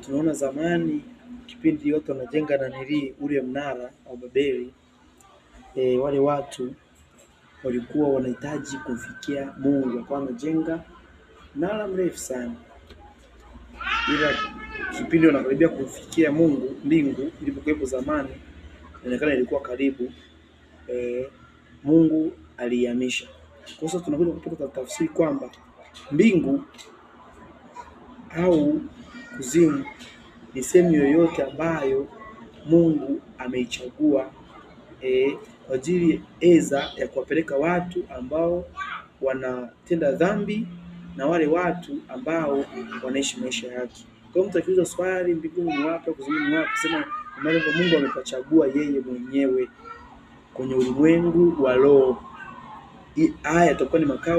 Tunaona zamani kipindi watu wanajenga nili ule mnara wa Babeli e, wale watu walikuwa wanahitaji kumfikia Mungu, walikuwa wanajenga mnara mrefu sana, ila kipindi wanakaribia kumfikia Mungu mbingu ilipokuwepo zamani, inaonekana ilikuwa karibu e, Mungu aliihamisha. Kwa sasa tunakuja kupata tafsiri kwamba mbingu au kuzimu ni sehemu yoyote ambayo Mungu ameichagua e, kwa ajili eza ya kuwapeleka watu ambao wanatenda dhambi na wale watu ambao wanaishi maisha yake Kwa mtu akiuliza swali mbinguni ni wapi, kuzimu ni wapi, sema ambavyo Mungu amepachagua yeye mwenyewe kwenye ulimwengu wa roho. Haya yatakuwa ni makao